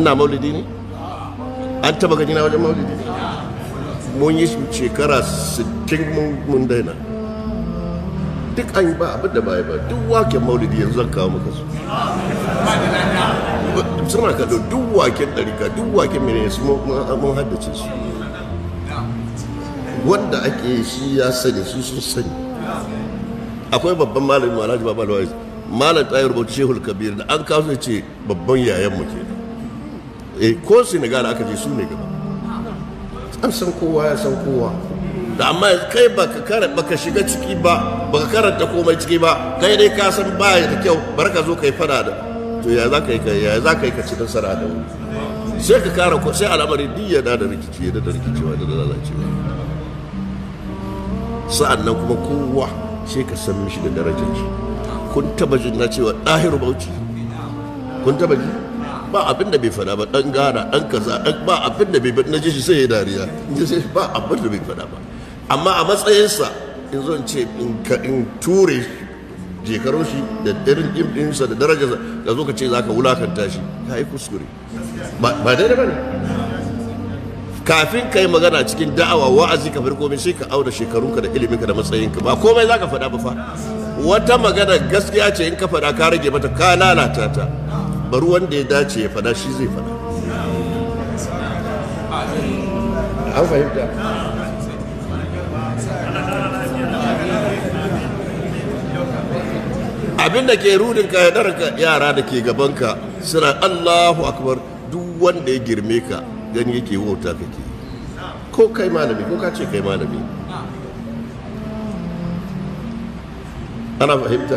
ina maulidi ne an taba gani na wajen maulidi ne mun yi shekara 60 mun daina duk an yi ba abin da baya ba duk waken maulidi yanzu zan kawo maka su suna kado duk waken ɗarika duk waken mene su mun haddace su wanda ake shi ya sani su sun sani akwai babban malami malaji babalwa malam tayar rubuta shehul kabir da an kawo ce babban yayan mu kenan Eh, ko senegal aka je su ne gaba an san kowa ya san kowa da amma kai baka karanta baka shiga ciki ba baka karanta komai ciki ba kai dai ka san ba da kyau bar ka zo kai fada da to ya za ka yi ya za ka yi ka ci nasara da wani sai ka kara ko sai al'amari diya da rikici da da rikicewa da lalacewa sa'an nan kuma kowa sai ka san mishi da darajar kun taba jin na cewa ɗahiru bauchi kun taba ji ba abin da bai fada ba dan gara dan kaza ba abin da bai fada na shi sai ya dariya ba abin da bai fada ba amma a matsayinsa in zo in ce in ture shekarun shi da irin ɗinsa da darajarsa ka zo ka ce za ka wulakanta shi ka yi kuskure ba daidai ba ne kafin ka yi magana cikin da'awa wa'azi ka farko min sai ka auna shekarunka da iliminka da matsayinka ba komai za ka faɗa ba fa wata magana gaskiya ce in ka faɗa ka rage mata ka lalata ta bari wanda ya dace ya fada shi zai fada an fahimta abin da ke rudin ka yara da ke gabanka suna allahu akbar duk wanda ya girme ka gani yake wauta kake ko kai malami ko ka ce kai malami ana fahimta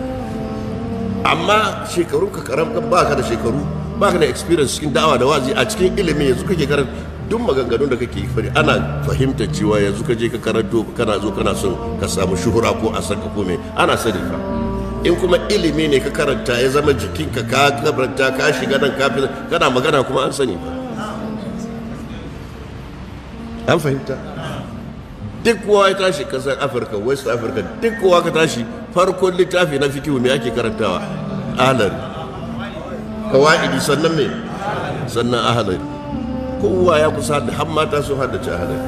amma shekaru ka karam ba ka da shekaru ba ka da experience cikin da'awa da wazi a cikin ilimi yanzu kake karanta duk maganganun da kake fari ana fahimta cewa yanzu ka je ka karanto kana zo kana son ka samu shuhura ko a sanka ko me ana sani fa in kuma ilimi ne ka karanta ya zama jikinka ka karanta ka shiga nan ka kana magana kuma an sani fa an fahimta duk kowa ya tashi kasar afirka west africa duk kowa ka tashi farkon littafi na fikihu me ake karantawa alal kawai sannan me sannan ahalar kowa ya kusa da har mata hada haddace ahalar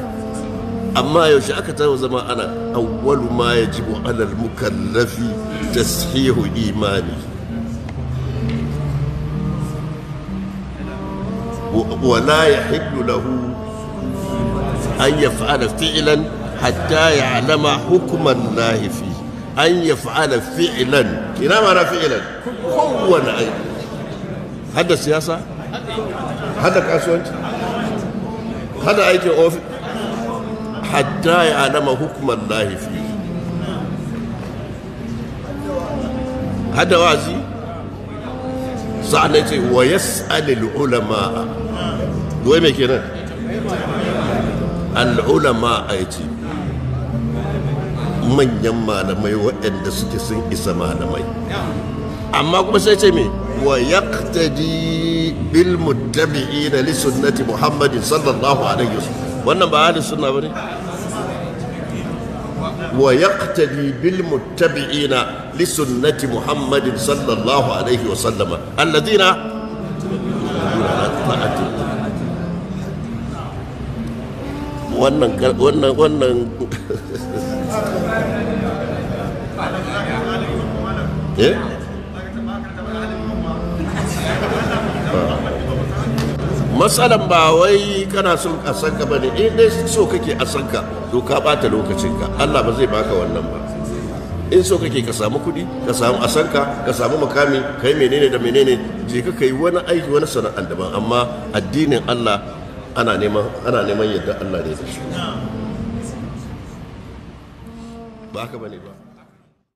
amma yaushe aka tawo zama ana awwalu ma ji alal mukallafi tashihu imani ولا يحل له أن يفعل فعلا حتى يعلم حكم الله فيه أن يفعل فعلا إلى ما فعلا هو أيضا هذا السياسة هذا كاسوانت هذا أي أوفي حتى يعلم حكم الله فيه هذا وازي سألت ويسأل العلماء دوي مكينا العلماء أيتي manyan malamai waɗanda suke sun isa malamai amma kuma sai ce me wa yaqtadi bil muttabi'ina li sunnati muhammadin sallallahu alaihi wasallam wannan ba ahli sunna bane wa yaqtadi bil muttabi'ina li sunnati muhammadin sallallahu alaihi wasallam alladhina wannan wannan wannan masalan eh? matsalan ba wai kana son a ba ne in dai so kake a to ka bata lokacinka allah ba zai baka wannan ba in so kake ka samu kudi ka samu asanka ka samu makami ka yi menene da menene je ka kai wani aiki wani sana'a daban amma addinin allah ana neman yadda allah ne da shi ba haka bane ba